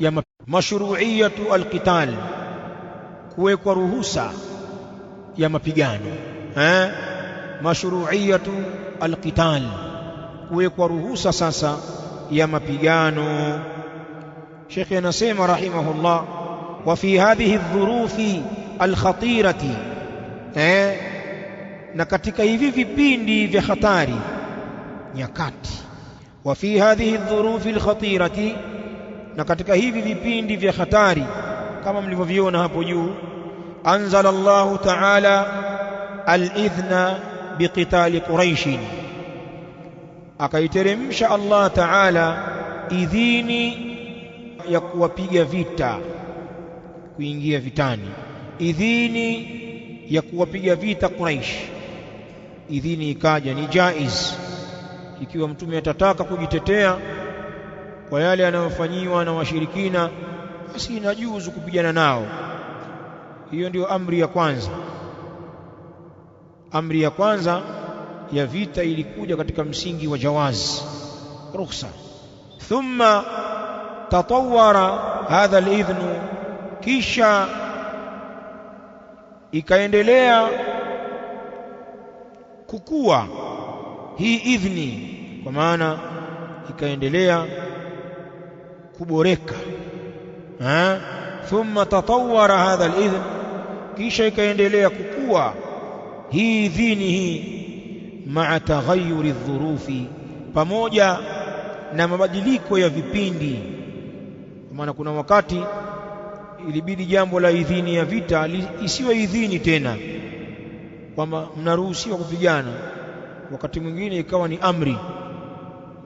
ya mashru'iyatu alqital kuwekwa ruhusa ya mapigano eh mashru'iyatu alqital kuwekwa ruhusa sasa ya mapigano Sheikh anasema rahimahullah wa fi hadhihi adh-dhurufi al-khatirati eh na katika hivi vipindi vya hatari nyakati wa fi hadhihi adh-dhurufi al-khatirati na katika hivi vipindi vya hatari kama mlivyoviona hapo juu anzala Allahu ta'ala al-idhna biqitali quraish akaiteremsha Allah ta'ala idhini ya kuwapiga vita kuingia vitani idhini ya kuwapiga vita Quraish idhini ikaja ni jaiz ikiwa mtume atataka kujitetea kwa yale yanayofanyiwa na washirikina basi inajuzu kupigana nao hiyo ndiyo amri ya kwanza amri ya kwanza ya vita ilikuja katika msingi wa jawazi rukhsa thumma tatawara hadha alidhnu kisha ikaendelea kukua hii idhni kwa maana ikaendelea kuboreka ha? thumma tatawara hadha alidhn kisha ikaendelea kukua hii idhini hii maa taghayuri dhurufi pamoja na mabadiliko ya vipindi maana kuna wakati ilibidi jambo la idhini ya vita isiwe idhini tena kwamba mnaruhusiwa kupigana wakati mwingine ikawa ni amri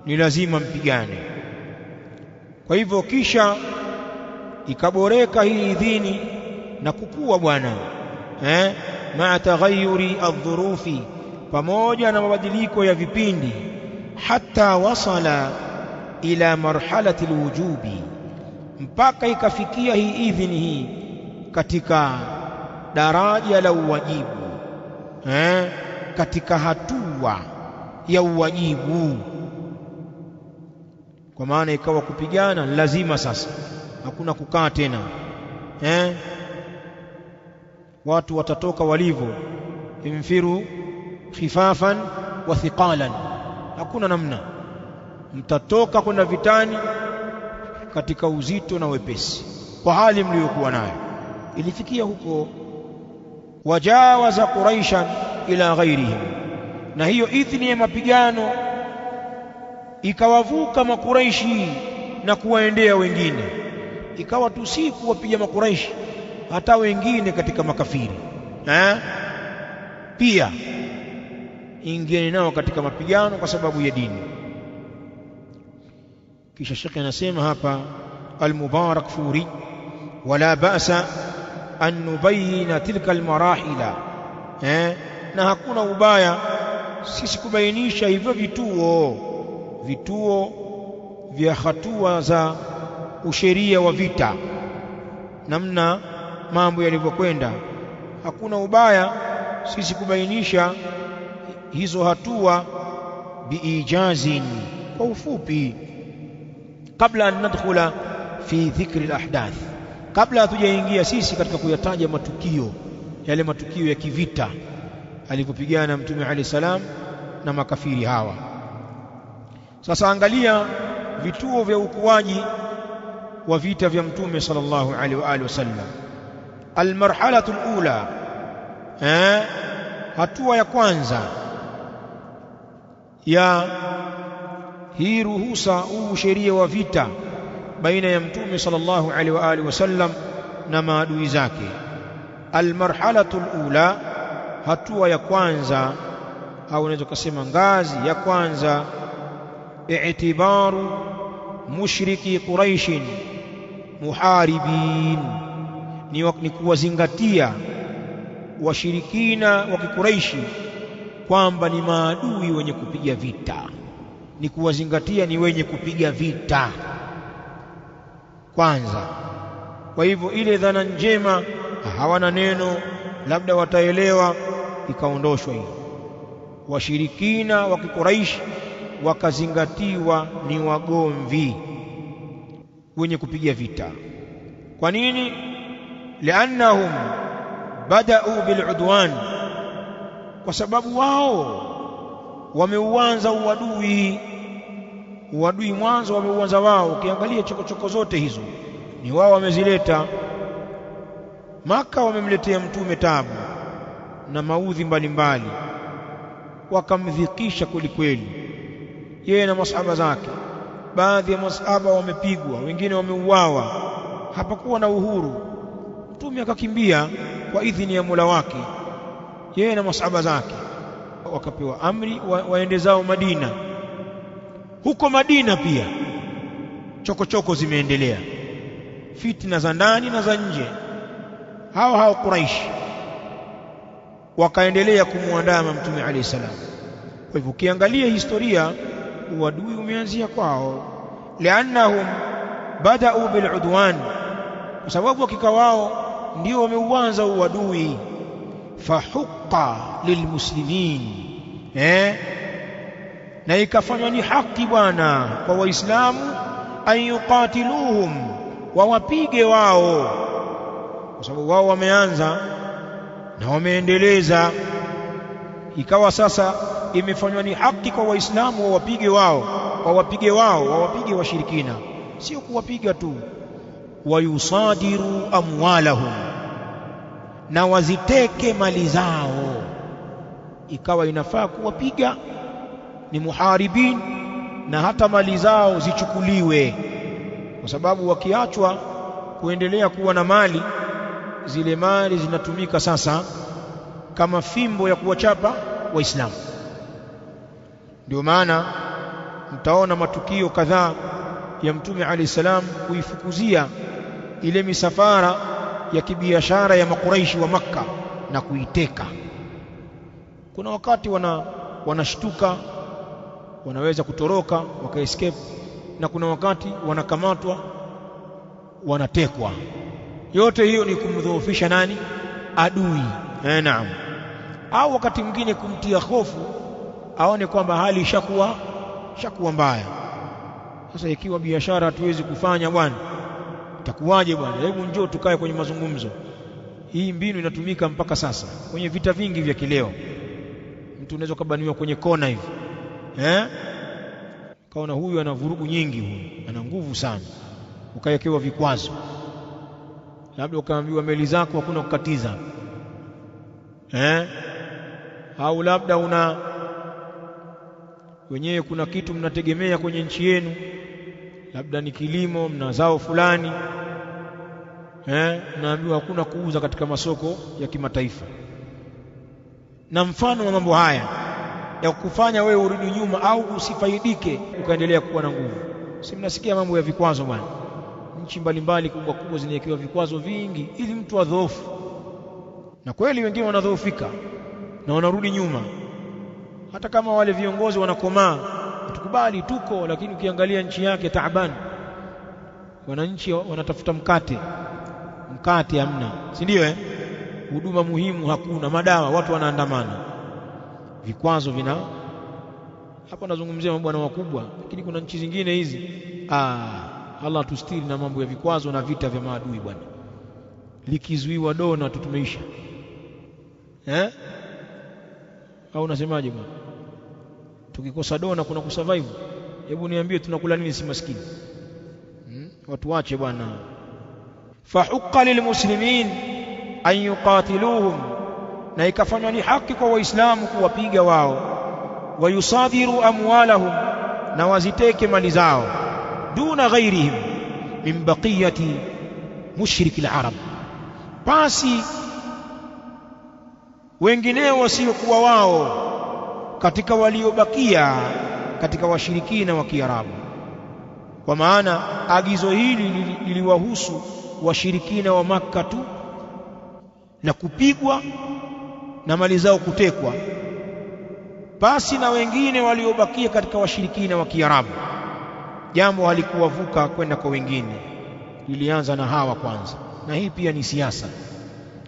ni lazima mpigane kwa hivyo kisha ikaboreka hii idhini na kukua bwana eh, maa taghayuri aldhurufi, pamoja na mabadiliko ya vipindi, hata wasala ila marhalati alwujubi, mpaka ikafikia hii idhini hii katika daraja la uwajibu eh, katika hatua ya uwajibu kwa maana ikawa kupigana lazima sasa, hakuna kukaa tena eh? Watu watatoka walivyo, imfiru khifafan wa thiqalan, hakuna namna, mtatoka kwenda vitani katika uzito na wepesi, kwa hali mliyokuwa nayo. Ilifikia huko wajawaza quraishan ila ghairihim, na hiyo idhini ya mapigano ikawavuka makuraishi na kuwaendea wengine, ikawa tu si kuwapiga makuraishi, hata wengine katika makafiri ha? Pia ingieni nao katika mapigano kwa sababu ya dini. Kisha shekhe anasema hapa, Almubarak Furi, wala ba'sa an nubayina tilka almarahila eh, na hakuna ubaya sisi kubainisha hivyo vituo vituo vya hatua za usheria wa vita, namna mambo yalivyokwenda. Hakuna ubaya sisi kubainisha hizo hatua biijazin, kwa ufupi, kabla an nadkhula fi dhikri alahdath, kabla hatujaingia sisi katika kuyataja matukio yale, matukio ya kivita alivyopigana Mtume alayhi salam na makafiri hawa. Sasa angalia vituo vya ukuaji wa vita vya Mtume sallallahu alaihi wa alihi wasallam. Almarhalatu lula eh, hatua ya kwanza ya hii ruhusa, huu sheria wa vita baina ya Mtume sallallahu alaihi wa alihi wasallam na maadui zake. Almarhalatu lula hatua ya kwanza au unaweza kusema ngazi ya kwanza i'tibaru mushriki quraishin muharibin, ni kuwazingatia washirikina wa kikuraishi kwamba ni maadui wenye kupiga vita, ni kuwazingatia ni wenye kupiga vita kwanza. Kwa hivyo ile dhana njema, hawana neno, labda wataelewa, ikaondoshwa hii washirikina wa kikuraishi wakazingatiwa ni wagomvi wenye kupiga vita. Kwa nini? liannahum badau biludwan, kwa sababu wao wameuanza uadui. Uadui mwanzo wameuanza wao. Ukiangalia chokochoko zote hizo ni wao wamezileta. Maka wamemletea mtume tabu na maudhi mbalimbali, wakamdhikisha kwelikweli kweli yeye na masahaba zake. Baadhi ya masahaba wamepigwa, wengine wameuawa, hapakuwa na uhuru. Mtume akakimbia kwa idhini ya Mola wake, yeye na masahaba zake wakapewa amri wa, waende zao Madina. Huko Madina pia chokochoko zimeendelea, fitina za ndani na za nje. Hao hao Quraishi wakaendelea kumwandama Mtume alayhi salam. Kwa hivyo ukiangalia historia uadui umeanzia kwao liannahum badau biludwan kwa sababu hakika wao ndio wameuanza uadui fahuqa lilmuslimin eh na ikafanywa ni haki bwana kwa waislamu an yuqatiluhum wawapige wao kwa sababu wao wameanza na wameendeleza ikawa sasa imefanywa ni haki kwa Waislamu wawapige wao wapige wao wawapige washirikina, sio kuwapiga tu. Wayusadiru amwalahum, na waziteke mali zao. Ikawa inafaa kuwapiga ni muharibin, na hata mali zao zichukuliwe, kwa sababu wakiachwa kuendelea kuwa na mali zile, mali zinatumika sasa kama fimbo ya kuwachapa Waislamu. Ndio maana mtaona matukio kadhaa ya Mtume alayhi salam kuifukuzia ile misafara ya kibiashara ya makuraishi wa Makka na kuiteka. Kuna wakati wana wanashtuka wanaweza kutoroka wakaescape, na kuna wakati wanakamatwa wanatekwa. Yote hiyo ni kumdhoofisha nani? Adui. Eh, naam. Au wakati mwingine kumtia hofu aone kwamba hali ishakuwa ishakuwa mbaya. Sasa ikiwa biashara hatuwezi kufanya bwana, itakuwaje bwana? Hebu njoo tukae kwenye mazungumzo. Hii mbinu inatumika mpaka sasa kwenye vita vingi vya kileo. Mtu unaweza ukabaniwa kwenye kona hivi eh? Kaona huyu ana vurugu nyingi, huyu ana nguvu sana, ukawekewa vikwazo, labda ukaambiwa meli zako hakuna kukatiza eh? au labda una wenyewe kuna kitu mnategemea kwenye nchi yenu, labda ni kilimo, mna zao fulani eh, mnaambiwa hakuna kuuza katika masoko ya kimataifa. Na mfano wa mambo haya ya kufanya wewe urudi nyuma au usifaidike ukaendelea kuwa na nguvu. Si mnasikia mambo ya vikwazo bwana? Nchi mbalimbali kubwa kubwa zinawekewa vikwazo vingi ili mtu adhoofu, na kweli wengine wanadhoofika na wanarudi nyuma hata kama wale viongozi wanakomaa tukubali tuko lakini ukiangalia nchi yake taaban wananchi wanatafuta mkate mkate hamna si ndio eh huduma muhimu hakuna madawa watu wanaandamana vikwazo vina hapo nazungumzia mabwana wakubwa lakini kuna nchi zingine hizi ah Allah tustiri na mambo ya vikwazo na vita vya maadui bwana likizuiwa dona tutumeisha eh au unasemaje bwana? Tukikosa dona kuna kusurvive? Hebu niambie tunakula nini? Si maskini hmm? Watu wache bwana. Fahuqa lilmuslimin an yuqatiluhum, na ikafanywa ni haki kwa Waislamu kuwapiga wao. Wayusadiru amwalahum, na waziteke mali zao. Duna ghairihim min baqiyati mushriki al basi wengineo wasiokuwa wao katika waliobakia katika washirikina wa Kiarabu. Kwa maana agizo hili liliwahusu washirikina wa Makka tu, na kupigwa na mali zao kutekwa, basi na wengine waliobakia katika washirikina wa Kiarabu. Jambo halikuwavuka kwenda kwa wengine, lilianza na hawa kwanza, na hii pia ni siasa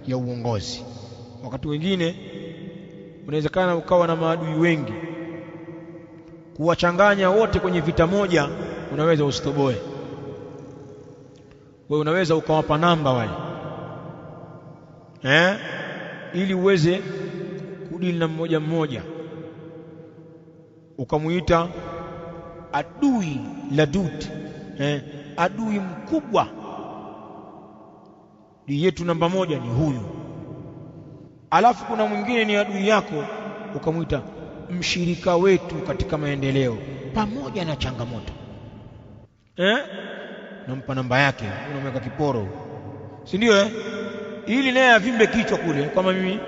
ya uongozi. Wakati wengine unawezekana ukawa na maadui wengi, kuwachanganya wote kwenye vita moja unaweza usitoboe. Wewe unaweza ukawapa namba wale eh, ili uweze kudili na mmoja mmoja, ukamuita adui ladut eh, adui mkubwa. Dui yetu namba moja ni huyu alafu kuna mwingine ni adui yako ukamwita mshirika wetu katika maendeleo pamoja na changamoto eh? nampa namba yake, unamweka kiporo, si ndio eh? ili naye avimbe kichwa kule, kama mimi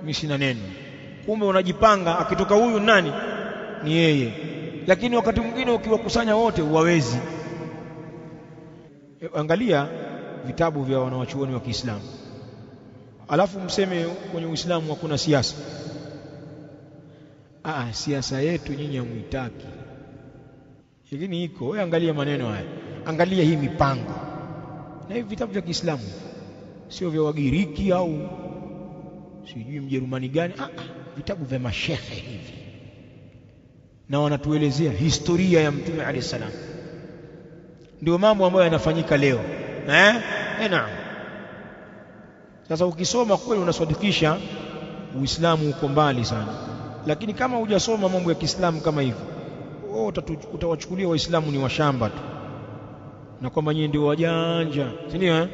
mimi sina neno. Kumbe unajipanga, akitoka huyu nani ni yeye. Lakini wakati mwingine ukiwakusanya wote uwawezi. E, eh, angalia vitabu vya wanawachuoni wa Kiislamu alafu mseme kwenye Uislamu hakuna siasa. Ah, ah siasa yetu nyinyi hamuitaki, lakini iko. Wewe angalia maneno haya, angalia hii mipango na hivi vitabu vya Kiislamu, sio vya Wagiriki au sijui Mjerumani gani. Ah, ah vitabu vya mashehe hivi, na wanatuelezea historia ya Mtume alayhi salam, ndio mambo ambayo yanafanyika leo eh, eh naam sasa ukisoma kweli unasadikisha Uislamu uko mbali sana, lakini kama hujasoma mambo ya Kiislamu kama hivyo, wewe utawachukulia Waislamu ni washamba tu na kwamba nyinyi ndio wajanja, si ndio eh?